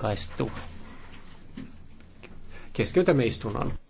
ratkaistu. Keskeytämme istunnon.